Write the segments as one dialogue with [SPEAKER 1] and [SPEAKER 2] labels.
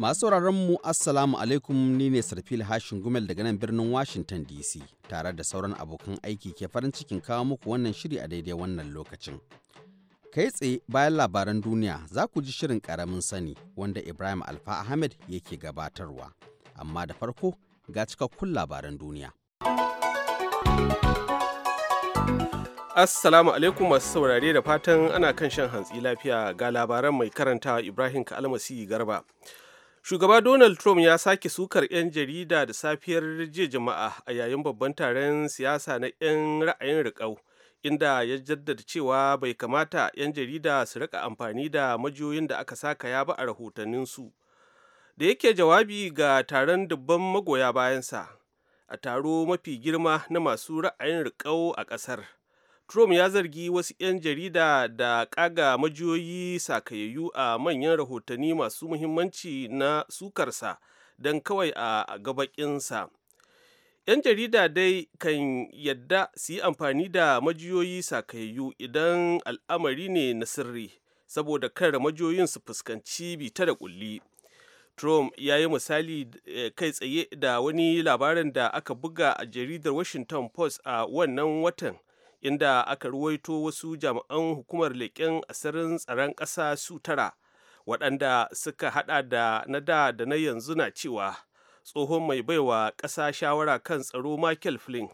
[SPEAKER 1] Masu mu Assalamu alaikum ni ne Sarfil Hashin Gumel daga nan birnin Washington DC tare da sauran abokan aiki ke farin cikin kawo muku wannan shiri a daidai wannan lokacin. Kai tsaye bayan labaran duniya za ku ji shirin karamin sani wanda Ibrahim Alfa Ahmed yake gabatarwa. Amma da farko ga cikakkun labaran duniya.
[SPEAKER 2] Assalamu alaikum masu saurare da fatan ana kan shan hantsi lafiya ga labaran mai karanta Ibrahim Kalmasi Garba. shugaba donald trump ya sake sukar 'yan jarida da safiyar jiya jama'a a yayin babban taron siyasa na 'yan ra'ayin riƙau inda ya jaddada cewa bai kamata 'yan jarida su rika amfani da majiyoyin da aka saka ya ba a rahotannin su da yake jawabi ga taron dubban magoya bayansa a taro mafi girma na masu ra'ayin riƙau a ƙasar Trump ya zargi wasu 'yan jarida da ƙaga majiyoyi sakayayyu a manyan rahotanni masu muhimmanci na sukarsa don kawai a gabakinsa. 'Yan jarida dai kan yadda su yi amfani da majiyoyi sakayayyu idan al'amari ne na sirri, saboda kar majiyoyin su fuskanci bita da ƙulli. Trump ya yi misali eh, kai tsaye da wani labarin da aka buga a jaridar Washington Post a wannan watan. inda aka ruwaito wasu jami'an hukumar leƙen asirin tsaron ƙasa su tara waɗanda suka haɗa da na da da na yanzu na cewa tsohon mai baiwa ƙasa shawara kan tsaro michael flynn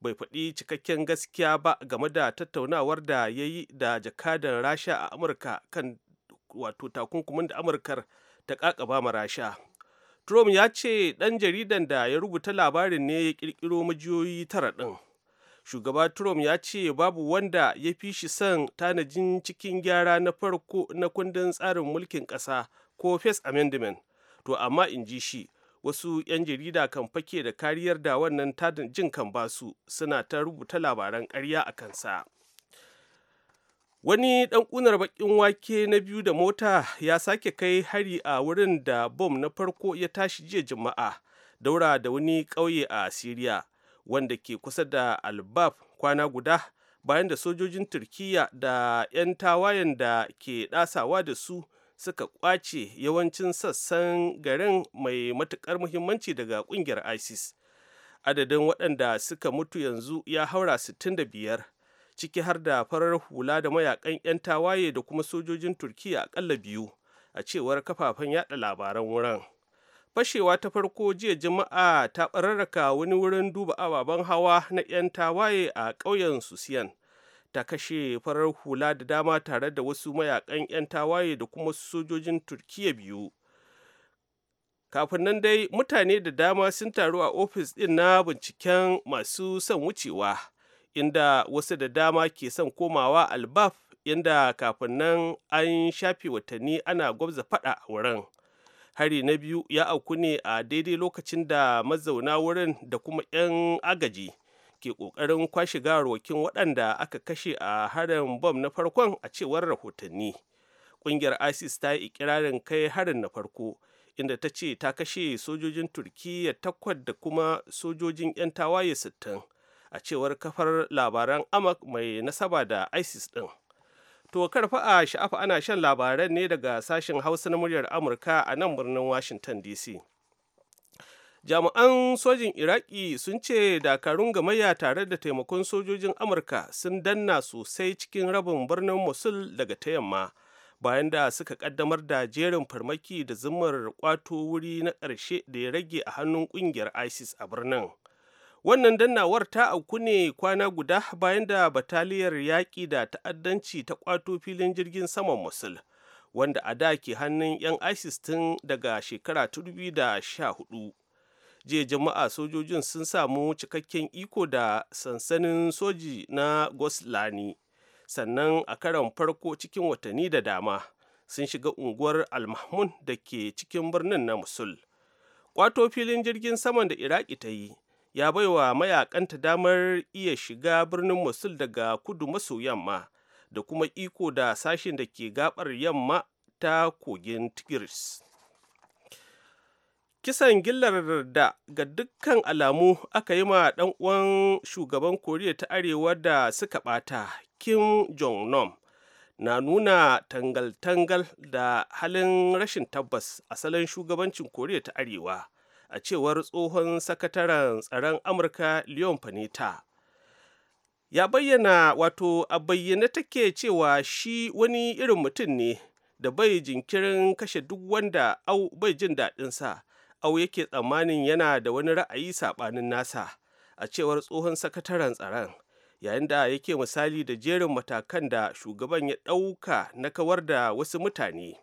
[SPEAKER 2] bai faɗi cikakken gaskiya ba game da tattaunawar da ya yi da jakadan rasha a amurka kan wato takunkumin da amurkar ta ƙaƙaba ma rasha trump ya ce ɗan jaridan da ya rubuta labarin ne ya ƙirƙiro majiyoyi tara ɗin shugaba trump ya ce babu wanda ya fi shi son tanajin cikin gyara na farko na kundin tsarin mulkin ƙasa ko first amendment to amma in ji shi wasu 'yan jarida kan fake da kariyar da wannan tanajin kan basu suna ta rubuta labaran ƙarya a kansa wani ɗan ƙunar baƙin wake na biyu da mota ya sake kai hari a wurin da bom na farko ya tashi jiya juma'a daura da wani ƙauye a siriya wanda ke kusa da albab kwana guda bayan da sojojin turkiya da 'yan tawayen da ke ɗasawa da su suka kwace yawancin sassan garin mai matuƙar muhimmanci daga ƙungiyar isis adadin waɗanda suka mutu yanzu ya haura 65 ciki har da farar hula da mayakan 'yan tawaye da kuma sojojin turkiya akalla biyu a cewar kafafen yada labaran wurin fashewa ta farko jiya juma'a ta bararraka wani wurin duba ababen hawa na 'yan tawaye a ƙauyen susiyan ta kashe farar hula da dama tare da wasu mayakan 'yan tawaye da kuma sojojin turkiya biyu kafin nan dai mutane da dama sun taru a ofis ɗin na binciken masu son wucewa inda wasu da dama ke son komawa albaf inda kafin nan an shafe watanni ana gwabza fada a wurin hari na biyu ya auku ne a daidai lokacin da mazauna wurin da kuma 'yan agaji ke ƙoƙarin kwashe gawarwakin waɗanda aka kashe a harin bom na farkon a cewar rahotanni ƙungiyar isis ta yi ikirarin kai harin na farko inda ta ce ta kashe sojojin turkiyya takwas da kuma sojojin 'yan tawaye 60 a cewar kafar labaran amak mai nasaba da isis ɗin. To karfa a sha'afa ana shan labaran ne daga sashen Hausa na muryar Amurka a nan birnin Washington DC. Jami'an sojin Iraki sun ce dakarun gamayya tare da taimakon sojojin Amurka sun danna sosai cikin rabin birnin Mosul daga ta yamma bayan da suka kaddamar da jerin farmaki da zumar kwato wuri na ƙarshe da ya rage a hannun ƙungiyar ISIS a birnin. Wannan dannawar ta auku ne kwana guda bayan da bataliyar yaƙi da ta'addanci ta ƙwato filin jirgin saman Musul, wanda a da ke hannun 'yan ISIS tun daga shekara 2014. jiya jama'a sojojin sun samu cikakken iko da sansanin soji na goslani sannan a karon farko cikin watanni da dama sun shiga unguwar almahmun da ke cikin birnin na musul Ƙwato filin jirgin saman da iraki ta yi ya baiwa mayakanta damar iya shiga birnin mosul daga kudu maso yamma da kuma iko da sashen da ke gabar yamma ta kogin tigris kisan gillar da ga dukkan alamu aka yi ma dan uwan shugaban koriya ta arewa da suka bata kim jong nam na nuna tangal-tangal da halin rashin tabbas asalin shugabancin koriya ta arewa a cewar tsohon sakataren tsaron amurka leon panetta ya bayyana wato a bayyana take cewa shi wani irin mutum ne da bai jinkirin kashe duk wanda au bai jin daɗinsa au yake tsammanin yana da wani ra'ayi saɓanin nasa a cewar tsohon sakataren tsaron yayin da yake misali da jerin matakan da shugaban ya ɗauka na kawar da wasu mutane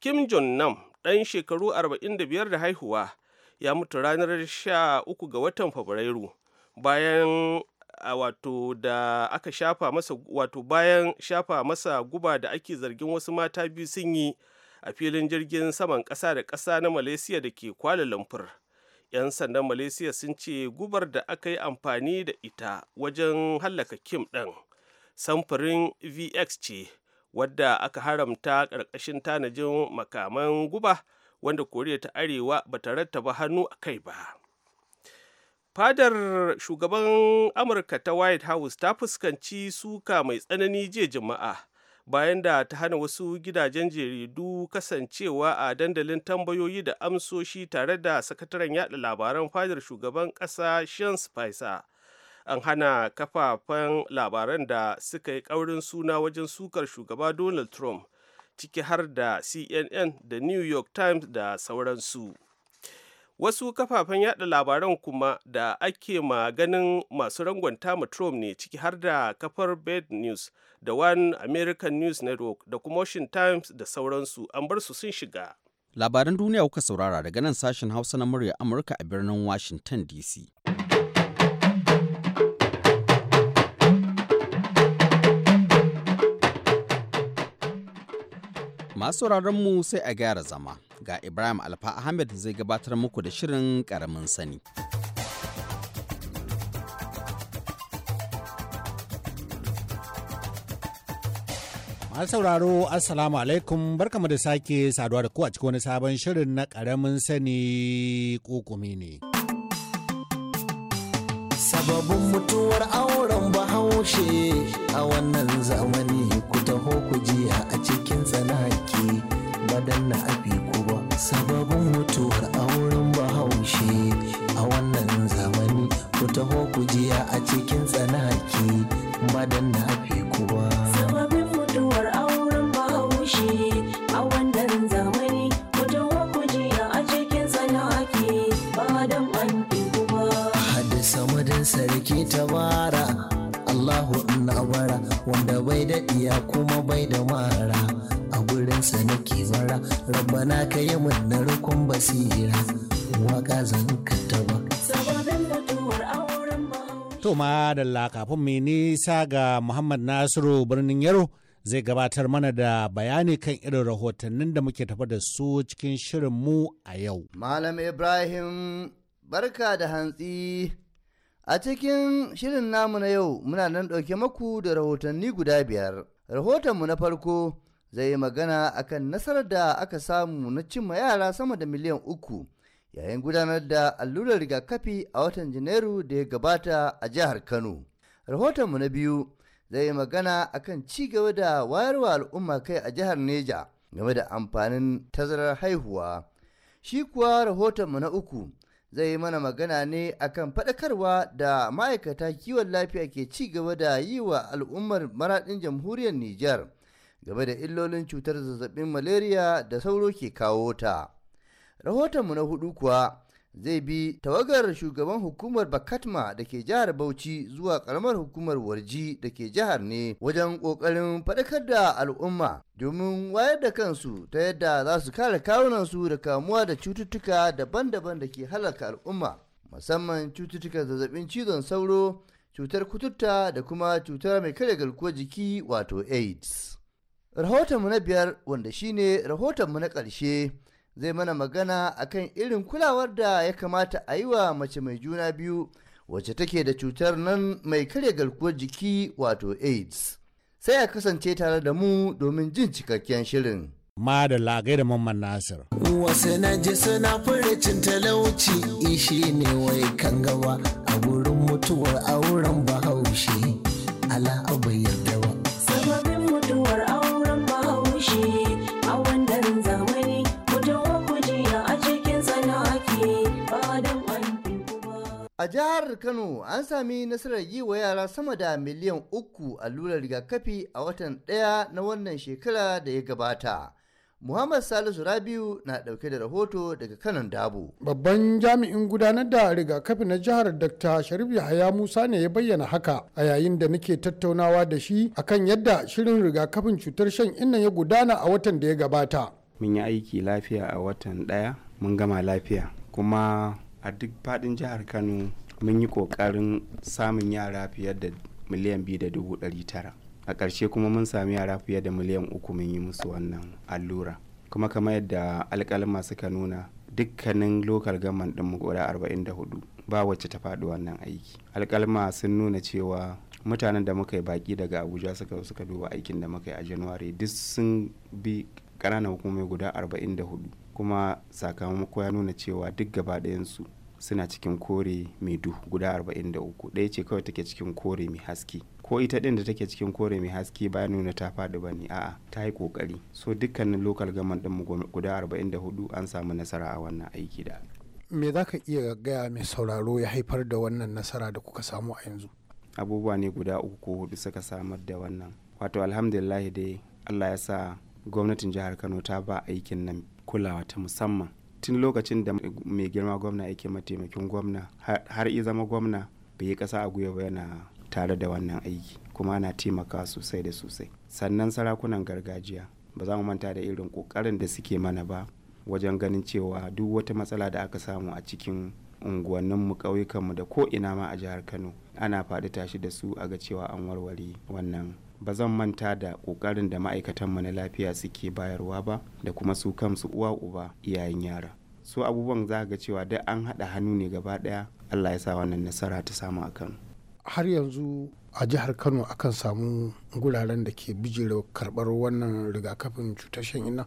[SPEAKER 2] kim jong nam ɗan shekaru 45 da haihuwa ya mutu ranar 13 ga watan fabrairu bayan a wato da aka shafa masa wato bayan shafa masa guba da ake zargin wasu mata biyu sun yi a filin jirgin saman ƙasa da ƙasa na malaysia da ke kwala lumpur 'yan sandan malaysia sun ce gubar da aka yi amfani da ita wajen hallaka kim ɗin samfurin vx ce wadda aka haramta ƙarƙashin tanajin makaman guba wanda koriya ta arewa ba ta rattaba hannu a kai ba fadar shugaban amurka ta white house ta fuskanci suka mai tsanani jiya jama'a bayan da ta hana wasu gidajen jaridu kasancewa a dandalin tambayoyi da amsoshi tare da sakataren yada labaran fadar shugaban kasa sean spicer an hana kafafen labaran da suka yi kaurin suna wajen sukar shugaba donald trump ciki har da cnn da new york times da sauransu wasu kafafen yada labaran kuma da ake maganin masu rangwanta ma trump ne ciki har da kafar bad news da one american news network da kuma washington times da sauransu an bar su sun shiga
[SPEAKER 1] labaran duniya kuka saurara daga nan sashen hausa na murya amurka a birnin washington dc Masu mu sai a gyara zama ga Ibrahim Alfa Ahmed zai gabatar muku da shirin karamin sani.
[SPEAKER 3] Masu sauraro Assalamu alaikum barkamu da sake saduwa da ku a cikin wani sabon shirin na ƙaramin sani ƙoƙumi ne. sababin mutuwar auren bahaushe a wannan zamani ku taho ku jiya a cikin tsanaki badan na afi ba sababin mutuwar auren bahaushe yi tabara Allahu inna bara wanda bai da iya kuma bai da mara a gurinsa nake bara rabbana kai mun na rukun basira waka zan ka taba to ma da kafin mai nisa ga Muhammad Nasiru birnin Yaro zai gabatar mana da bayani kan irin rahotannin da muke tafa da su cikin
[SPEAKER 4] shirin mu a yau. Malam Ibrahim, barka da hantsi. A cikin shirin namu na yau muna nan ɗauke maku da rahotanni guda biyar. Rahotonmu na farko zai magana akan nasarar da aka samu na cimma yara sama da miliyan uku yayin gudanar da allurar rigakafi a watan Janairu da ya gabata a jihar Kano. Rahotonmu na biyu zai magana akan ci gaba da wayarwa al'umma kai a jihar Neja game da amfanin tazarar haihuwa. Shi kuwa rahotonmu na uku. zai yi mana magana ne akan faɗakarwa da ma'aikata kiwon lafiya ke ci gaba da yi wa al'ummar maraɗin jamhuriyar Nijar game da illolin cutar zazzabin malaria da sauro ke kawo ta. Rahotonmu na hudu kuwa zai bi tawagar shugaban hukumar bakatma da ke jihar bauchi zuwa karamar hukumar warji da ke jihar ne wajen kokarin faɗakar da al'umma domin wayar da kansu ta yadda za su kare kawunansu da kamuwa da cututtuka daban-daban da ke halaka al'umma musamman cututtukan zazzabin cizon sauro cutar kututta da kuma cutar mai karya garkuwar jiki wato aids rahotonmu na biyar wanda shine rahotonmu na ƙarshe zai mana magana akan irin kulawar da ya kamata a yi wa mace mai juna biyu wacce take da cutar nan mai karya garkuwar jiki wato AIDS. Sai a kasance tare da mu domin jin cikakken shirin. ma da lagai da mamman nasir.
[SPEAKER 3] Wasu na ji suna furicin talauci ishi ne wai kan gaba a gurin mutuwar auren bahaushe ala abayar
[SPEAKER 4] A jihar Kano an sami nasarar yi wa yara sama da miliyan uku allurar rigakafi a watan ɗaya na wannan shekara da ya gabata. Muhammad Salisu Rabiu na ɗauke da rahoto daga kanan dabo.
[SPEAKER 3] Babban jami'in gudanar da rigakafi na jihar Dr. Sharif Yahaya Musa ne ya bayyana haka a yayin da nake tattaunawa da shi akan yadda shirin rigakafin cutar shan inna ya gudana a watan da ya gabata.
[SPEAKER 5] Mun yi aiki lafiya a watan ɗaya, mun gama lafiya. Kuma a duk faɗin jihar kano mun yi ƙoƙarin samun yara fiye da miliyan biyu da dubu ɗari tara a ƙarshe kuma mun sami yara fiye da miliyan uku mun yi musu wannan allura kuma kamar yadda alƙalma suka nuna dukkanin lokal gaman ɗin guda arba'in da hudu ba wacce ta faɗi wannan aiki alƙalma sun nuna cewa mutanen da muka yi baƙi daga abuja suka suka duba aikin da muka yi a januwari duk sun bi ƙananan hukumai guda arba'in da hudu kuma sakamako ya nuna cewa duk gaba su suna cikin kore mai duhu guda 43 ɗaya ce kawai take cikin kore mai haske ko ita ɗin da take cikin kore mai haske ba nuna ta faɗi ba ne a'a ta yi ƙoƙari so dukkanin lokal gaman ɗin guda 44 an samu nasara a wannan aiki da
[SPEAKER 3] me za ka iya gaya mai sauraro ya haifar da wannan nasara da kuka samu a yanzu
[SPEAKER 5] abubuwa ne guda uku ko hudu suka samar da wannan wato alhamdulillah dai allah ya sa gwamnatin jihar kano ta ba aikin nan kulawa ta musamman tun lokacin da mai girma gwamna yake mataimakin gwamna har i zama gwamna bai yi kasa a gwiwa ba yana tare da wannan aiki kuma ana taimaka sosai da sosai sannan sarakunan gargajiya ba za mu manta da irin kokarin da suke mana ba wajen ganin cewa duk wata matsala da aka samu a cikin unguwanninmu ƙauyukanmu da ko ina ma a jihar kano ana faɗi tashi da su a ga cewa an warware wannan ba zan manta da ƙoƙarin da ma'aikatanmu na lafiya suke bayarwa ba da kuma su kansu uwa uba iyayen yara su abubuwan za ga cewa duk an haɗa hannu ne gaba ɗaya allah ya sa wannan nasara ta samu a kano
[SPEAKER 3] har yanzu a jihar kano akan samu guraren da ke bijira karɓar wannan rigakafin cutar shan ina.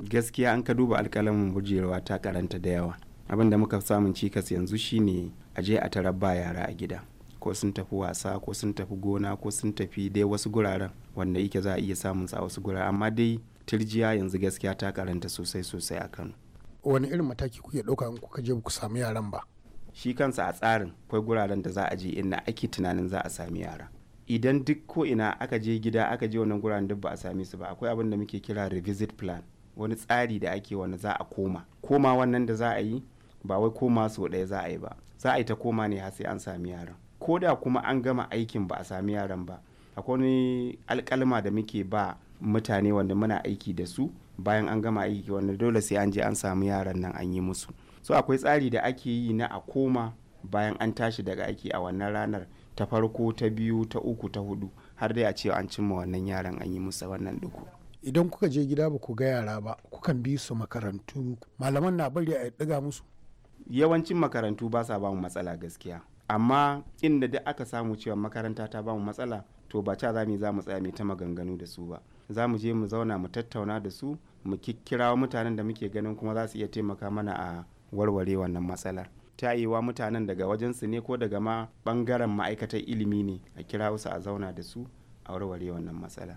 [SPEAKER 5] gaskiya an ka duba alkalamin bujerewa ta karanta da yawa abin da muka samun cikas yanzu shine a je a tarar yara a gida ko sun tafi wasa ko sun tafi gona ko sun tafi dai wasu guraren wanda yake za a iya samun a wasu guraren amma dai tirjiya yanzu gaskiya ta karanta sosai sosai a Kano
[SPEAKER 3] wani irin mataki kuke ɗauka in kuka je ku samu yaran ba
[SPEAKER 5] shi kansa a tsarin akwai guraren da za a je inda ake tunanin za a sami yara idan duk ko ina aka je gida aka je wannan guraren duk ba a same su ba akwai abin da muke kira revisit plan wani tsari da ake wani za a koma koma wannan da za a yi ba wai koma sau ɗaya za a yi ba za a yi ta koma ne har sai an sami yaran ko da kuma an gama aikin ba a sami yaran ba akwai wani alkalma da muke ba mutane wanda muna aiki da su bayan an gama aiki wanda dole sai an je an samu yaran nan an yi musu so akwai tsari da ake yi na a koma bayan an tashi daga aiki a wannan ranar ta farko ta biyu ta uku ta hudu har dai a ce an cimma wannan yaran an yi musu wannan duku
[SPEAKER 3] idan kuka je gida ba ku ga yara ba kukan bi su makarantu malaman na bari a ɗiga musu
[SPEAKER 5] yawancin makarantu ba sa ba mu matsala gaskiya amma inda da aka samu cewa makaranta ta bamu matsala to ba ca za za mu tsaya mai ta maganganu da su ba za mu je mu zauna mu tattauna da su mu kikkira mutanen da muke ganin kuma za su iya taimaka mana a warware wannan matsalar ta yiwa mutanen daga wajen su ne ko daga ma bangaren ma'aikatar ilimi ne a kira su a zauna da su a warware wannan matsala.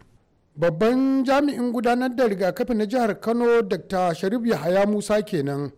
[SPEAKER 3] babban jami'in gudanar da rigakafi na jihar kano dr sharif yahaya musa kenan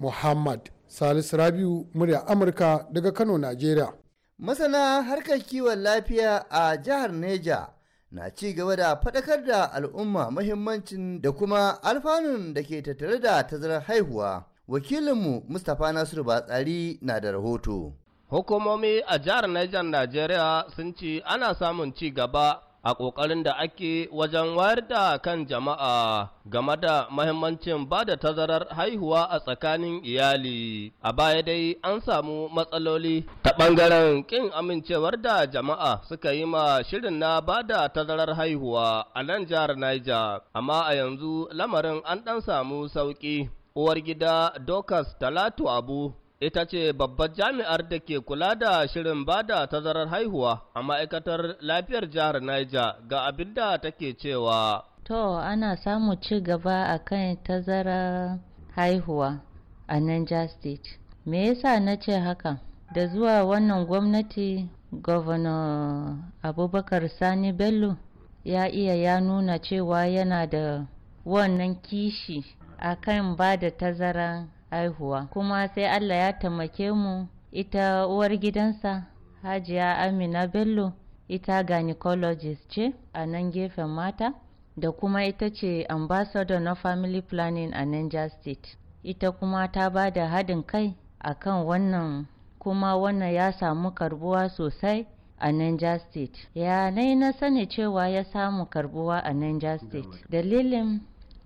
[SPEAKER 3] muhammad Salisu Rabiu murya Amurka daga Kano, Najeriya.
[SPEAKER 4] Masana harkar kiwon lafiya a jihar Neja na ci gaba da faɗakar da al'umma mahimmancin da kuma alfanun da ke tattare da tazarar haihuwa. Wakilinmu Mustapha Nasiru Batsari na da rahoto. Hukumomi
[SPEAKER 6] a jihar Niger Najeriya sun ci ana samun ci gaba a ƙoƙarin da ake wajen wayar da kan jama'a game da mahimmancin ba da tazarar haihuwa a tsakanin iyali a baya dai an samu matsaloli ta ɓangaren ƙin amincewar da jama'a suka yi ma shirin na ba da tazarar haihuwa a nan jihar Niger amma a yanzu lamarin an ɗan samu sauƙi uwar gida Dokas Talatu Abu ita ce babbar jami'ar da ke kula da shirin bada tazarar haihuwa a ma'aikatar lafiyar jihar Niger ga abin da take cewa.
[SPEAKER 7] To, ana samu ci gaba a kan tazarar haihuwa a Niger State. Me yasa na ce haka? Da zuwa wannan gwamnati, Governor Abubakar Sani Bello ya iya ya nuna cewa yana da wannan kishi a kan ba da tazarar haihuwa kuma sai allah ya taimake mu ita uwar gidansa hajiya amina bello ita gynecologist ce a nan gefen mata da kuma ita ce ambassador na family planning a niger state ita kuma ta ba da haɗin kai a kan wannan kuma wannan ya samu karbuwa sosai a niger state ya nai na sani cewa ya samu karbuwa a niger state dalilin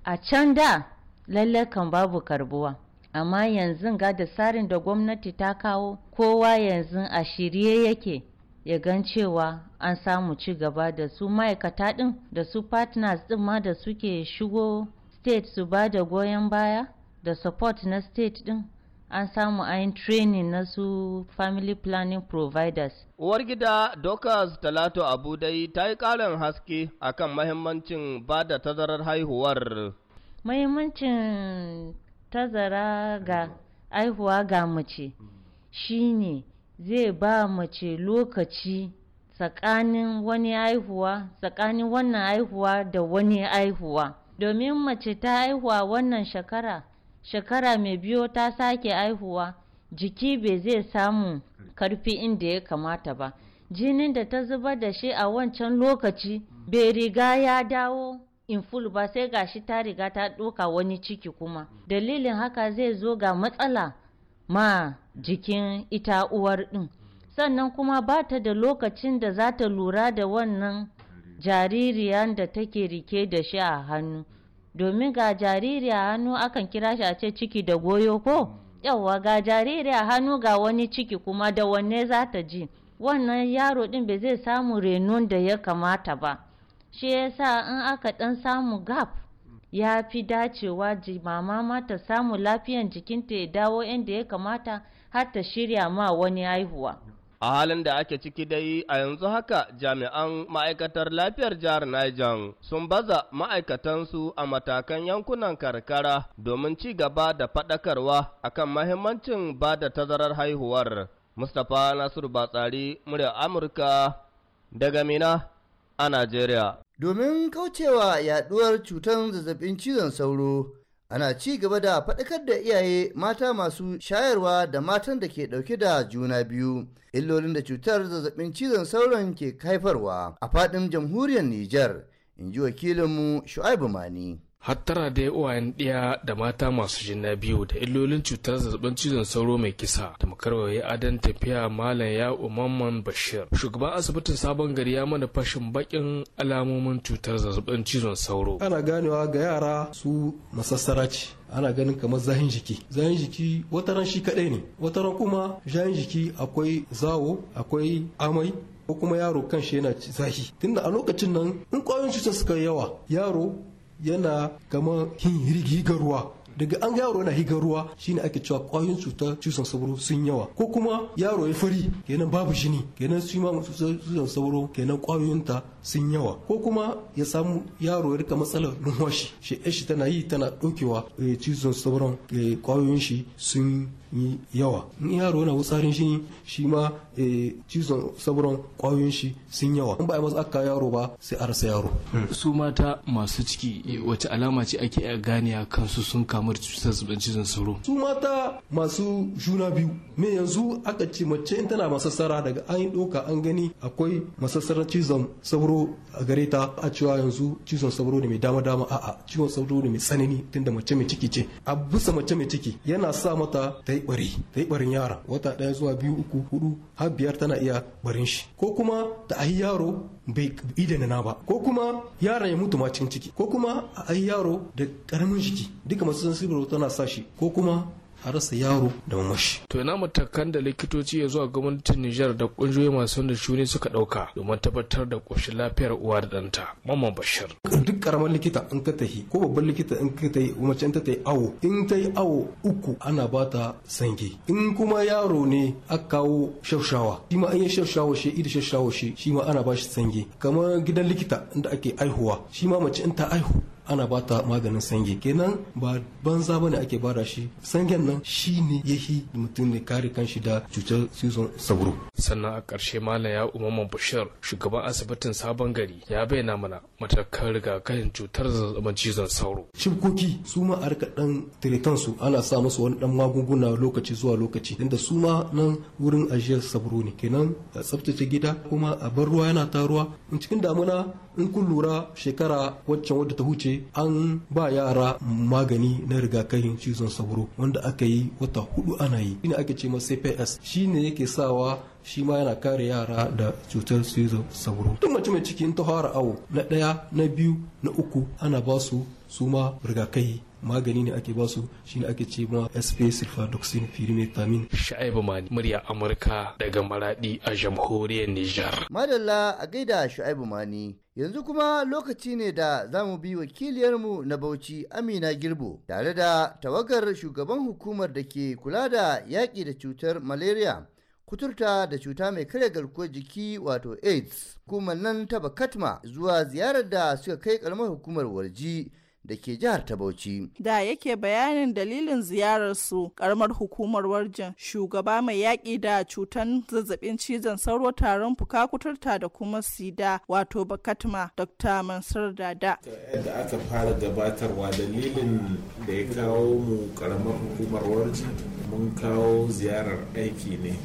[SPEAKER 7] a can da lalle kan babu karbuwa amma yanzu ga da tsarin da gwamnati ta kawo kowa yanzu a shirye yake ya gan cewa an samu ci gaba da su ma'aikata ɗin da su partners ɗin ma da suke shigo state su ba da goyon baya da support na state ɗin an samu ayin training na su family planning providers.
[SPEAKER 6] Uwar gida Dokas Talatu Abu dai ta yi ƙarin haske akan mahimmancin ba da tazarar haihuwar.
[SPEAKER 7] Mahimmancin tazara ga aihuwa ga mace shi ne zai ba mace lokaci tsakanin wani aihuwa tsakanin wannan aihuwa da wani aihuwa domin mace ta aihuwa wannan shekara shekara mai biyo ta sake aihuwa jiki bai zai samu karfi inda ya kamata ba jinin da ta zubar da shi a wancan lokaci bai riga ya dawo in full ba sai gashi ta riga ta ɗoka wani ciki kuma dalilin haka zai zo ga matsala ma jikin ita uwar ɗin sannan kuma ba ta da lokacin da za ta lura da wannan jaririyan da take rike da shi a hannu domin ga jariri a hannu akan kira shi a ce ciki da goyo ko yawwa ga jariri a hannu ga wani ciki kuma da wanne za ta ji wannan yaro ɗin bai zai samu renon da ya kamata ba shi ya sa in aka ɗan samu gap ya fi dacewa mama mata samu lafiyan jikinta ya dawo inda ya kamata har ta shirya ma wani haihuwa.
[SPEAKER 6] A halin da ake ciki dai a yanzu haka jami'an ma'aikatar lafiyar jihar Niger sun baza ma'aikatansu a matakan yankunan karkara domin ci gaba da faɗakarwa akan mahimmancin ba da tazarar haihuwar. Mustapha Nasiru Batsari, murya Amurka, daga Mina a Najeriya.
[SPEAKER 4] Domin kaucewa yaduwar cutar zazzabin cizon sauro, ana ci gaba da faɗakar da iyaye mata masu shayarwa da matan da ke ɗauke da juna biyu, illolin da cutar zazzabin cizon sauron ke haifarwa a faɗin jamhuriyar Nijar, in ji wakilinmu Shu'aibu Mani.
[SPEAKER 8] hattara da uwayen ɗiya da mata masu jinna biyu da illolin cutar zazzabin cizon sauro mai kisa da makarwaye adan tafiya malam ya umamman bashir shugaban asibitin sabon gari ya mana fashin bakin alamomin cutar zazzabin cizon sauro
[SPEAKER 9] ana ganewa ga yara su masassara ce ana ganin kamar zahin jiki zahin jiki ran shi kadai ne ran kuma zahin jiki akwai zawo akwai amai ko kuma yaro kan shi yana zahi tunda a lokacin nan in kwayoyin cutar suka yawa yaro yana kamar higa ruwa daga an ga yaro yana higar ruwa shine ake cewa kwayoyin cutar cizon sauro sun yawa ko kuma yaro ya fari kenan babu jini kenan su ma cizon sauro kenan kwayoyin ta sun yawa ko kuma ya samu yaro ya rika matsalar numfashi shi shi tana yi tana dokewa eh, cizon sauron kwayoyin eh, shi sun yawa in yaro yana wutsarin shi shi ma eh, cizon sauran kwayoyin shi sun yawa in ba a masu aka yaro ba sai a rasa yaro
[SPEAKER 8] su mata masu ciki eh, wace alama ce ake gane kansu sun kamu da cutar zuban cizon sauro
[SPEAKER 9] su mata masu juna biyu me yanzu aka ce mace in tana masassara daga an yi doka an gani akwai masassara cizon sauro a gare ta a cewa yanzu cizon sauro ne mai dama dama a'a cizon sauro ne mai tsanani tunda mace mai ciki ce a bisa mace mai ciki yana sa mata ta yi bari ta yi barin yara wata ɗaya zuwa biyu uku hudu har biyar tana iya barin shi ko kuma ta ayi yaro bai idan na ba ko kuma yaron ya mutu macin ciki ko kuma a yaro da karamin jiki duka masu san tana sa shi ko kuma a rasa yaro da mamashi.
[SPEAKER 8] To ina matakan da likitoci ya zuwa gwamnatin Nijar da kungiyoyi masu da shuni suka dauka domin tabbatar da koshin lafiyar uwa da danta Mamman Bashir.
[SPEAKER 9] Duk karamar likita in ka tahi ko babban likita in ka tahi mace in ta tahi awo in ta yi awo uku ana ba ta sange. In kuma yaro ne aka kawo shaushawa shi ma an yi shaushawa shi shaushawa shi shi ma ana ba shi sange. Kamar gidan likita inda ake aihuwa shi ma mace in ta aihu ana ba ta maganin sange kenan ba banza ba ne ake bara shi sangen nan shi ne ya yahi mutum ne kare kanshi da cutar cizon sauro
[SPEAKER 8] sannan a ƙarshe malam ya umaman bashir shugaban asibitin sabon gari ya bayyana mana matakan rigakafin cutar zazzabin cizon sauro
[SPEAKER 9] shibkoki su ma a rika dan su ana sa musu wani dan magunguna lokaci zuwa lokaci inda su ma nan wurin ajiyar sauro ne kenan a tsabtace gida kuma a bar ruwa yana taruwa in cikin damuna in kun lura shekara waccan wadda ta huce an ba yara magani na rigakafin cizon sauro wanda aka yi wata hudu ana yi shine ake ce masa cps shine yake sawa shi ma yana kare yara da cutar cizon sauro tun mace mai ciki in ta fara awo na ɗaya na biyu na uku ana ba su su ma rigakafi magani ne ake ba basu shine ake ce ma sp sulfadoxin pyrimethamine
[SPEAKER 8] sha'ibu mani murya amurka daga maradi a jamhuriyar nijar
[SPEAKER 4] madalla a gaida sha'ibu mani Yanzu kuma lokaci ne da za mu bi wakiliyarmu na Bauchi Amina Girbo tare da tawagar shugaban hukumar da ke kula da yaƙi da cutar malaria, kuturta da cuta mai karya garkuwar jiki wato AIDS, kuma nan taba katma zuwa ziyarar da suka kai ƙaramar hukumar warji. da ke jihar ta Bauchi.
[SPEAKER 7] Da yake bayanin dalilin ziyarar su karamar hukumar warjin shugaba mai yaƙi da cutan zazzabin cizon sauro taron fuka kuturta da kuma sida wato bakatma Dr. Mansur Dada.
[SPEAKER 10] Da aka fara gabatarwa dalilin da ya kawo mu karamar hukumar warjin mun kawo ziyarar aiki ne.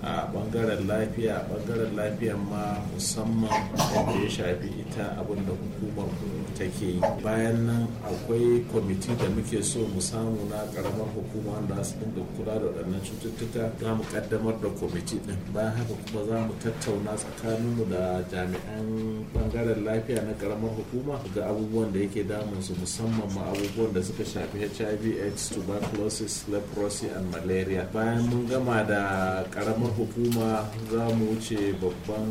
[SPEAKER 10] a bangaren lafiya bangaren lafiyan ma musamman da ya shafi ita abin da hukumar take yi bayan nan akwai kwamiti da muke so mu samu na karamar hukuma wanda su dinga kula da waɗannan cututtuka za mu kaddamar da kwamiti ɗin. bayan haka kuma za mu tattauna tsakaninmu da jami'an bangaren lafiya na karamar hukuma ga abubuwan da yake damun su musamman ma abubuwan da suka shafi hiv aids tuberculosis leprosy and malaria bayan mun gama da karamar kamar hukuma za mu wuce babban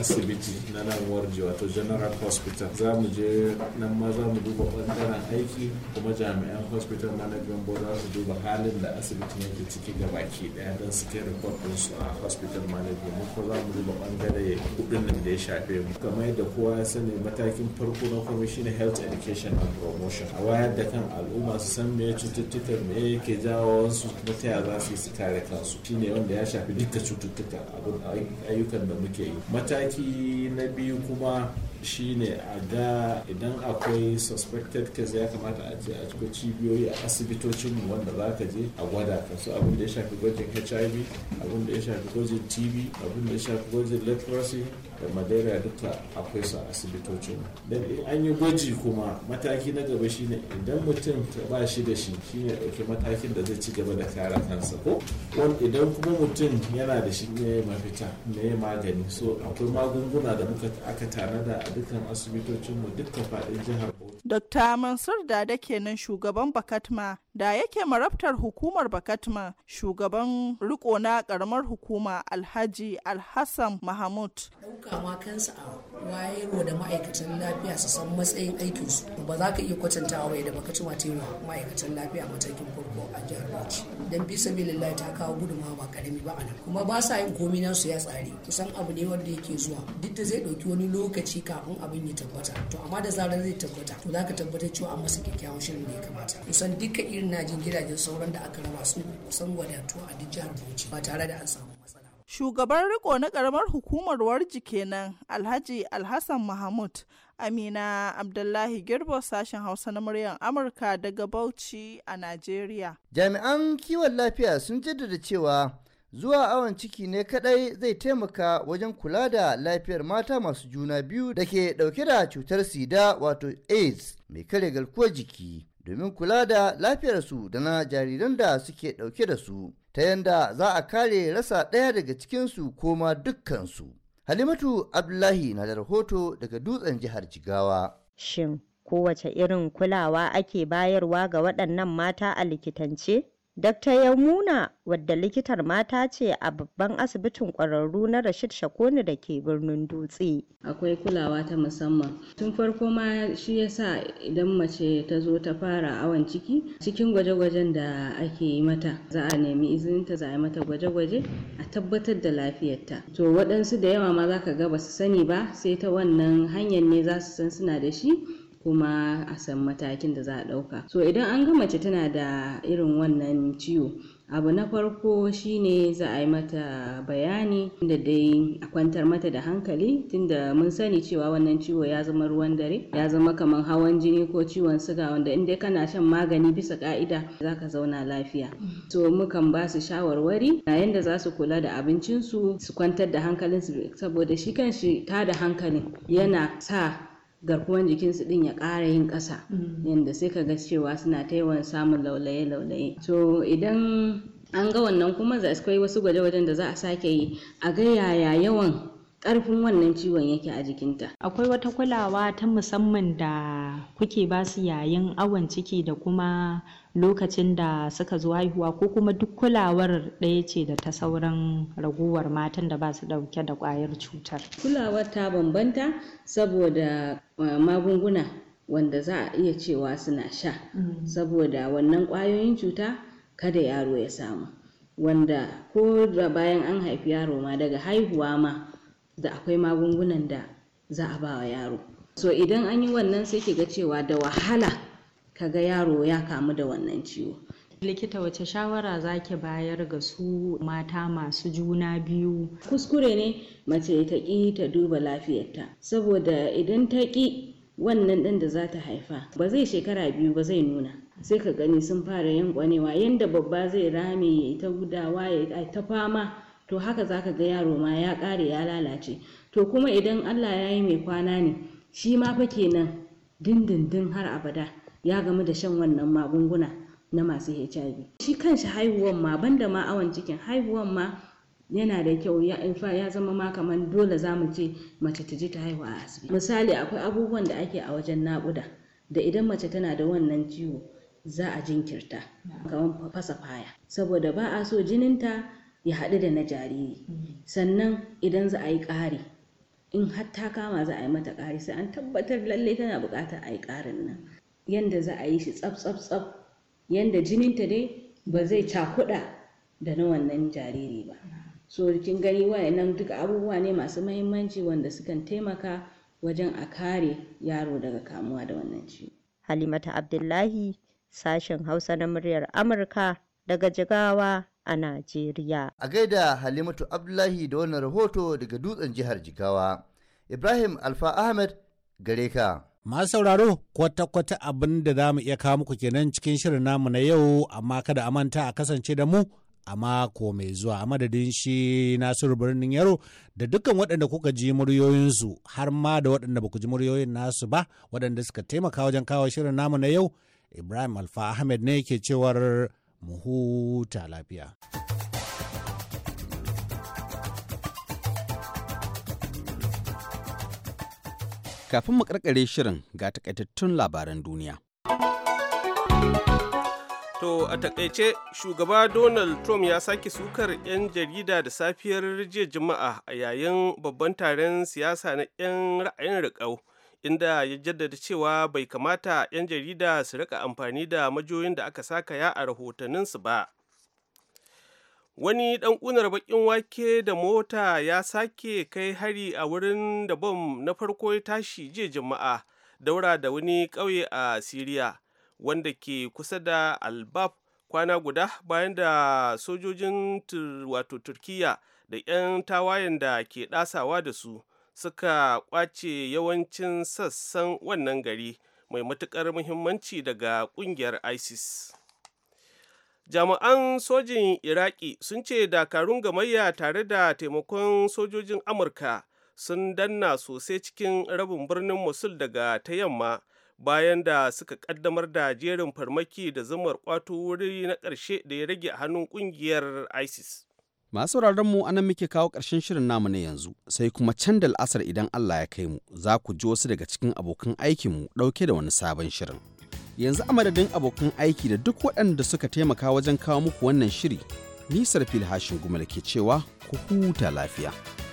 [SPEAKER 10] asibiti na nan warji wato general hospital za mu je nan ma za mu duba ɓangaren aiki kuma jami'an hospital management board za su duba halin da asibitin yake ciki ga baki daya don su kai report su a hospital management ko za mu duba ɓangare kuɗin nan da ya shafe mu kamar yadda kowa ya sani matakin farko na kuma shine health education and promotion a wayar da kan al'umma su san me cututtukan me yake jawo su kuma ta yaya za su yi su kare kansu shine wanda ya shafi duka cututtuka abin ayyukan da muke yi mataki na biyu kuma shine a ga idan akwai suspected case ya kamata a ce a cikin cibiyoyi a asibitocin mu wanda za ka je a gwada ka su abin da ya shafi gwajin hiv abin da ya shafi gwajin tb abin da ya shafi gwajin leprosy da malaria duka akwai su a asibitocin da an yi gwaji kuma mataki na gaba shine idan mutum ba shi da shi shine ɗauki matakin da zai ci gaba da kare kansa ko idan kuma mutum yana da shi ne mafita ne magani so akwai magunguna da muka aka tanada a dukkan asibitocin mu dukkan faɗin jihar
[SPEAKER 7] Dr. Mansur da da kenan shugaban Bakatma da yake marabtar hukumar Bakatma shugaban riko na karamar hukuma Alhaji Alhassan Mahmud. ma kansa a wayarwa da ma'aikatan
[SPEAKER 11] lafiya su san matsayin aikinsu ba za ka iya kwatantawa wai da Bakatma ta yi ma'aikatan lafiya a matakin farko a jihar Bauchi. Dan bisa Allah ta kawo gudunmawa ba karami ba anan kuma ba sa yin komi nan su ya tsare kusan abu ne wanda yake zuwa duk da zai dauki wani lokaci kafin abin ya tabbata to amma da zarar zai tabbata to za ka tabbatar cewa an masa kyakkyawan shirin da ya kamata kusan duka irin na jin
[SPEAKER 7] gidajen sauran da aka raba su kusan wadatuwa a duk jihar bauchi ba tare da an samu matsala shugaban riko na karamar hukumar warji kenan alhaji alhassan mahmud amina abdullahi girbo sashen hausa na muryar amurka daga bauchi a najeriya
[SPEAKER 4] jami'an kiwon lafiya sun jaddada cewa zuwa awon ciki ne kadai zai taimaka wajen kula da lafiyar mata masu juna biyu da ke dauke da cutar sida wato aids mai kare garkuwar jiki domin kula da lafiyarsu da na jariran da suke dauke da su ta yanda za a kare rasa ɗaya daga cikinsu ko ma dukkansu halimatu abdullahi na da rahoto daga dutsen jihar jigawa shin kowace irin kulawa ake bayarwa ga waɗannan mata a
[SPEAKER 11] likitance Dr. Yaumuna, wadda likitar mata ce a babban asibitin ƙwararru na Rashid Shakoni da ke birnin Dutse. Akwai kulawa ta musamman. Tun farko ma shi yasa idan mace ta zo ta fara awon ciki, cikin gwaje-gwajen da ake yi mata za a nemi ta za a yi mata gwaje-gwaje a tabbatar da lafiyarta. To waɗansu da yawa ma za ka ga ba su sani ba sai ta wannan hanyar ne za su san suna da shi kuma a san matakin da za a ɗauka so idan an ga mace tana da irin wannan ciwo abu na farko shine za a yi mata bayani da dai a kwantar mata da hankali tunda mun sani cewa wannan ciwo ya zama ruwan dare ya zama kamar hawan jini ko ciwon suga wanda inda kana shan magani bisa ƙa'ida. za ka zauna lafiya to mukan ba su shawarwari yayin da za su kula da abincinsu su kwantar da hankalinsu saboda shi kan shi da hankalin yana sa garkuwan jikinsu din ya ƙara yin ƙasa mm. yadda sai ka ga cewa suna ta yawan samun laulaye-laulaye to idan an ga wannan kuma za su kai wasu gwaje-gwajen da za a sake yi a ga yaya yawan ƙarfin wannan ciwon yake a jikinta. Akwai wata kulawa ta musamman da kuke ba su yayin awon ciki da kuma lokacin da suka zo haihuwa ko kuma duk kulawar ɗaya ce da ta sauran ragowar matan da ba su ɗauke da ƙwayar cutar. Kulawar ta bambanta saboda eh, magunguna wanda za a iya cewa suna sha mm. saboda wannan ƙwayoyin cuta kada yaro ya samu. wanda ko da bayan an haifi yaro ma daga haihuwa ma da akwai magungunan da za a ba wa yaro so idan an yi wannan sai ki ga cewa da wahala kaga yaro ya kamu da wannan ciwo likita wace shawara zaki bayar ga su mata masu juna biyu kuskure ne mace ta ƙi ta duba lafiyarta saboda idan ta ƙi wannan ɗin da za ta haifa ba zai shekara biyu ba zai nuna sai ka gani sun fara yankwanewa yadda babba zai rame ya ta gudawa ya ta fama to haka za ka ga yaro ma ya ƙare ya lalace to kuma idan Allah ya yi mai kwana ne shi ma fa kenan dindindin har abada ya gamu da shan wannan magunguna na masu HIV shi kanshi haihuwan ma banda ma awon cikin haihuwan ma yana da kyau ya ya zama ma kamar dole za mu ce mace ta ji ta haihu a asibiti misali akwai abubuwan da ake a wajen naƙuda da idan mace tana da wannan ciwo za a jinkirta kamar fasa faya saboda ba a so jininta ya haɗu da na jariri sannan idan za a yi ƙari in har ta kama za a yi mata ƙari sai an tabbatar lallai tana buƙatar a yi ƙarin nan yadda za a yi shi tsaf tsaf tsaf yadda jininta dai ba zai cakuɗa da na wannan jariri ba so kin gani wayannan duka abubuwa ne masu mahimmanci wanda sukan taimaka wajen a kare yaro daga kamuwa da wannan ciwo halimata abdullahi sashen hausa na muryar amurka daga jigawa
[SPEAKER 4] a Najeriya. A gaida Halimatu Abdullahi da wannan rahoto daga dutsen jihar Jigawa. Ibrahim Alfa Ahmed gare ka.
[SPEAKER 3] Masu sauraro kwata-kwata abin da za mu iya kawo muku kenan cikin shirin namu na yau amma kada a manta a kasance da mu a mako mai zuwa a madadin shi nasiru birnin yaro da dukkan waɗanda kuka ji muryoyinsu har ma da waɗanda ba ku ji muryoyin nasu ba waɗanda suka taimaka wajen kawo shirin namu na yau ibrahim alfa ahmed ne ke cewar
[SPEAKER 1] mu huta lafiya. Kafin mu karkare shirin ga takaitattun labaran duniya.
[SPEAKER 2] To a takaice shugaba Donald Trump ya sake sukar 'yan jarida da safiyar jiya Juma'a a yayin babban taron siyasa na 'yan ra'ayin riƙau. inda ya jaddada cewa bai kamata 'yan jarida su rika amfani da majoyin da aka sakaya a rahotanninsu ba wani ɗan ƙunar baƙin wake da mota ya sake kai hari a wurin da bom na farko ya tashi jiya jama'a daura da wani ƙauye a siriya wanda ke kusa da albab kwana guda bayan da sojojin wato turkiya da 'yan tawayen da ke ɗasawa da su suka kwace yawancin sassan wannan gari mai matuƙar muhimmanci daga ƙungiyar isis jami'an sojin iraki sun ce dakarun gamayya tare da taimakon sojojin amurka sun danna sosai cikin rabin birnin mosul daga ta yamma bayan da suka kaddamar da jerin farmaki da zamar kwato wuri na ƙarshe da ya rage hannun ƙungiyar isis
[SPEAKER 1] Masu mu anan muke kawo ƙarshen shirin namu na yanzu, sai kuma can da la'asar idan Allah ya kai mu, za ku ji wasu daga cikin abokan aikinmu ɗauke da wani sabon shirin. Yanzu a madadin abokan aiki da duk waɗanda suka taimaka wajen kawo muku wannan shiri, nisar fil hashin gumal ke cewa ku huta
[SPEAKER 8] lafiya.